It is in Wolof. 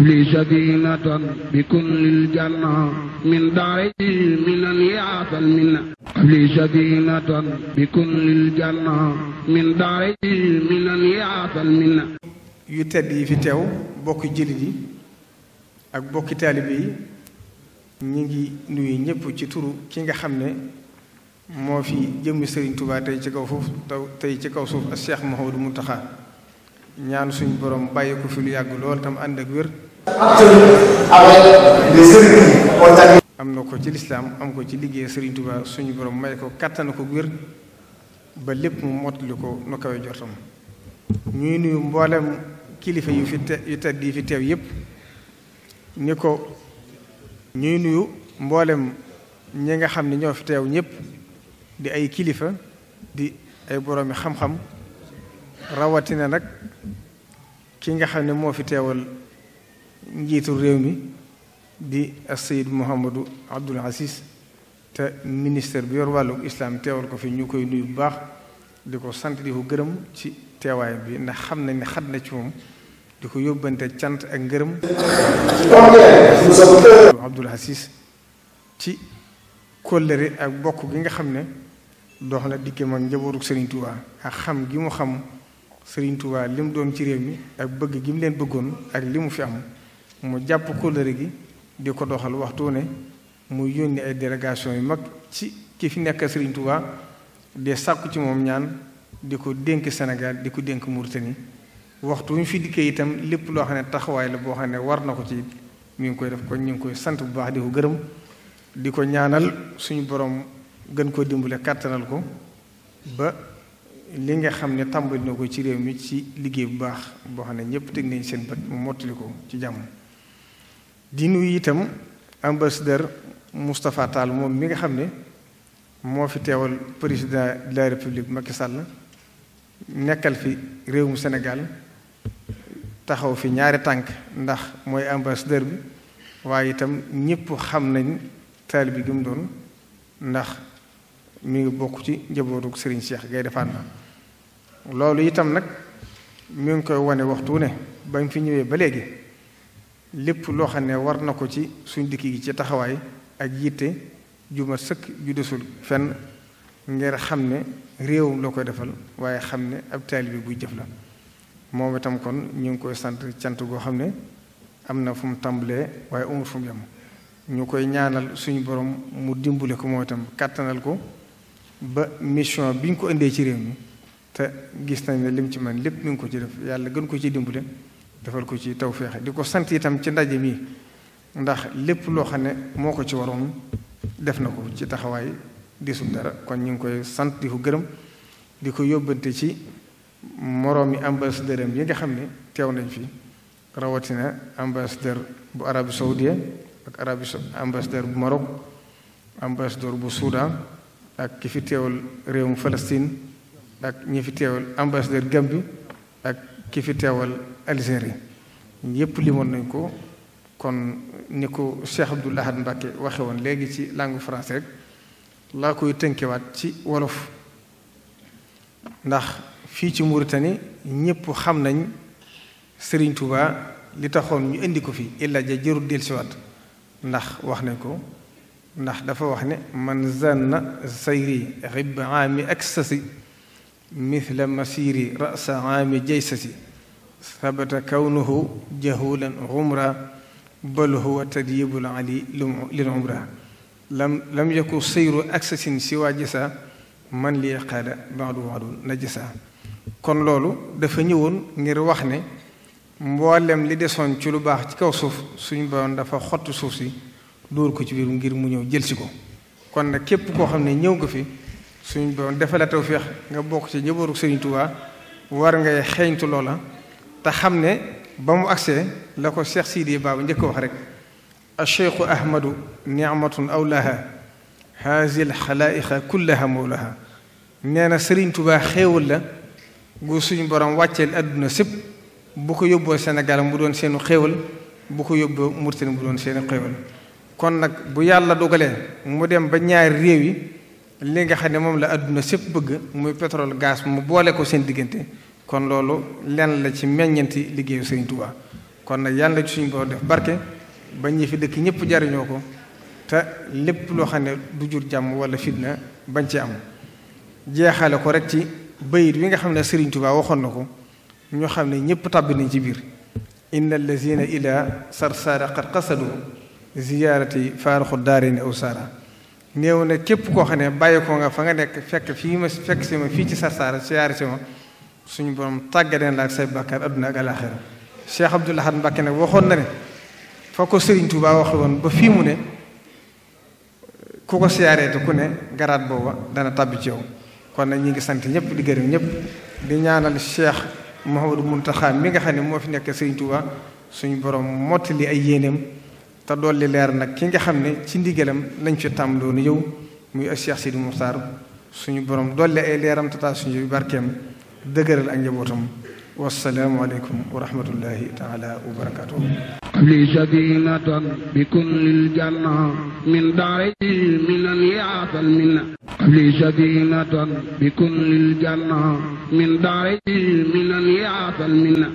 li sadinatan bi kullil yu tedd yi fi teew bokki jëlit yi ak bokki taalibe yi ñu ngi nuyu ñëpp ci turu ki nga xam ne moo fi jëmmi sëriñ Tuubaa tey ci kaw ci kaw suuf ak Cheikh Mouhamadou Mountakha ñaan suñu borom bàyyi ko fi lu yàgg lool tam ànd ak wér am na ko ci lislaam am ko ci liggéey Serigne Touba suñu borom may ko kàttan ko wér ba lépp mu mottali ko nu kawe jortam ñuy nuyu mboolem kilifa yu fi te yu ni ko ñuy nuyu mboolem ñi nga xam ne ñoo fi teew ñépp di ay kilifa di ay boroomi xam-xam rawatina nag ki nga xam ne moo fi teewal njiitu réew mi di Seyd Mouhamadou Abdoul Aziz te ministère bi yor wàllu islam teewal ko fi ñu koy nuyu bu baax di ko sant di ko gërëm ci teewaay bi ndax xam nañ ni xat na ci moom di ko yóbbante cant ak ngërëm Abdoul Aziz ci kóllëre ak bokk gi nga xam ne dox na diggam ak njabootu Serigne ak xam gi mu xam Serigne Touba li doon ci réew mi ak bëgg gi mu leen bëggoon ak li mu fi am mu jàpp kóllëre gi di ko doxal waxtu ne mu yónni ay délégation yu mag ci ki fi nekk Serigne Touba di sàkku ci moom ñaan di ko dénk senegal di ko dénk Mauritanie waxtu wu ñu fi dikkee itam lépp loo xam ne taxawaay la boo xam ne war na ko ci mu ngi koy def kon ñu ngi koy sant bu baax di ko gërëm di ko ñaanal suñu borom gën koo dimbale kàttanal ko ba li nga xam ne tàmbali na ko ci réew mi ci liggéey bu baax boo xam ne ñëpp teg nañ seen bët mu mottali ko ci jàmm. di nuyu itam ambassadeur Moustapha Tall moom mi nga xam ne moo fi teewal président de la république Macky Sall nekkal fi réewum Sénégal taxaw fi ñaari tànk ndax mooy ambassadeur bi waaye itam ñëpp xam nañ taalibe gi mu doon ndax mu ngi bokk ci njabootu Serigne Cheikh Gaïndé Fatma loolu itam nag mu ngi koy wane waxtu ne ba mu fi ñëwee ba léegi. lépp loo xam ne war na ko ci suñ dikk gi ci taxawaay ak yitte ju ma sëkk ju desul fenn ngir xam ne réewam loo koy defal waaye xam ne ab taalibe buy jëf la moom itam kon ñu ngi koy sant cant goo xam ne am na fu mu tàmbalee waaye amul fu mu ñu koy ñaanal suñu borom mu dimbale ko moom itam kàttanal ko ba mission bi ñu ko indee ci réew mi te gis nañ ne lim ci man lépp mi ngi ko ci def yàlla gën ko ci dimbale defal ko ci tawféex di ko sant itam ci ndaje mi ndax lépp loo xam ne moo ko ci waroon def na ko ci taxawaay disul dara kon ñu ngi koy sant di ko gërëm di ko yóbbante ci moroomi ambassadeur am yi nga xam ne teew nañ fi rawatina ambassadeur bu Arabie Saoudite ak Arabie ambassadeur bu Maroc ambassadeur bu Soudan ak ki fi teewal réewum Palestine ak ñi fi teewal ambassadeur Gambie ak ki fi teewal. Algérie yëpp limoon nañ ko kon ni ko Cheikh Abdoul Ahad Mbacké waxe woon léegi ci langue français rek laa koy tënkewaat ci wolof ndax fii ci Mauritanie ñépp xam nañ sëriñ Touba li taxoon ñu indi ko fii illa ja jërul dellusiwaat ndax wax nañ ko ndax dafa wax ne man zanna sayri rib aami aksasi mithla masiri rasa aami jaysasi sabata kawnuhu jahulan umra bal huwa tadyibul ali lil umra lam lam yakun sayru aksasin siwa jasa man li qaada baadu waadu na jasa kon loolu dafa ñëwoon ngir wax ne mboolem li desoon ci lu baax ci kaw suuf suñu borom dafa xott suuf si dóor ko ci biir ngir mu ñëw jël si ko kon nag képp koo xam ne ñëw nga fi suñu borom defala tawféex nga bokk ci njëbooru Sëriñ Tuubaa war ngay xeeñtu loola te xam ne ba mu agsee la ko Cheikh Sidi Baba njëkk wax rek acheikhu ahmadu nicmatun awlaha haasi alxalaaiqa kullaha mawlaha nee na Sëriñ tubaa xéewal la gu suñ borom wàcceel àdduna sépp bu ko yóbboo Sénégal mu doon seenu xéewal bu ko yóbboo Mauritanie mu doon seenu xéewal kon nag bu yàlla dogalee mu dem ba ñaari réew yi li nga xam ne moom la àdduna sépp bëgg muy pétrole gaz mu boole ko seen diggante kon loolu lenn la ci meññanti liggéeyu Sëriñ Tuubaa kon nag yàlla na ci suñu borom def barke bañ ñi fi dëkk ñëpp jariñoo ko te lépp loo xam ne du jur jàmm wala fitna bañ ci am jeexale ko rek ci bayit wi nga xam ne Sëriñ Tuubaa waxoon na ko ñoo xam ne ñëpp tàbbi nañ ci biir la inna allazina ila sarsara qad qasadu ziyaarati faaraxu daarini aw sara néew na képp koo xam ne bàyyi nga fa nga nekk fekk fii ma fekk si ma fii ci sarsaara siyaare si ma suñu borom tàggatee la ak say bàkkaar adduna ak alaaxira Cheikh Abdoul Ahad Mbacké nag waxoon na ne foo ko Serigne Touba waxe woon ba fii mu ne ku ko siyaareete ku ne garaat booba dana tàbbi ci yow kon nag ñi ngi sant ñëpp di gërëm ñëpp di ñaanal Cheikh Mouhamadou Mountakha mi nga xam ne moo fi nekk Serigne Touba suñu borom mottali ay yéeneem te dolli leer nag ki nga xam ne ci ndigalam lañ fi tàmm doon yow muy Cheikh Sidi Mokhtar suñu borom dolli ay leeram te dëgëral ak njabootam wassalaamu aleykum wa rahmatullahi taala wa barakatuh li sadinatan bikun lil janna min daari minan yaasal minna li sadinatan bikun lil janna min daari minan yaasal minna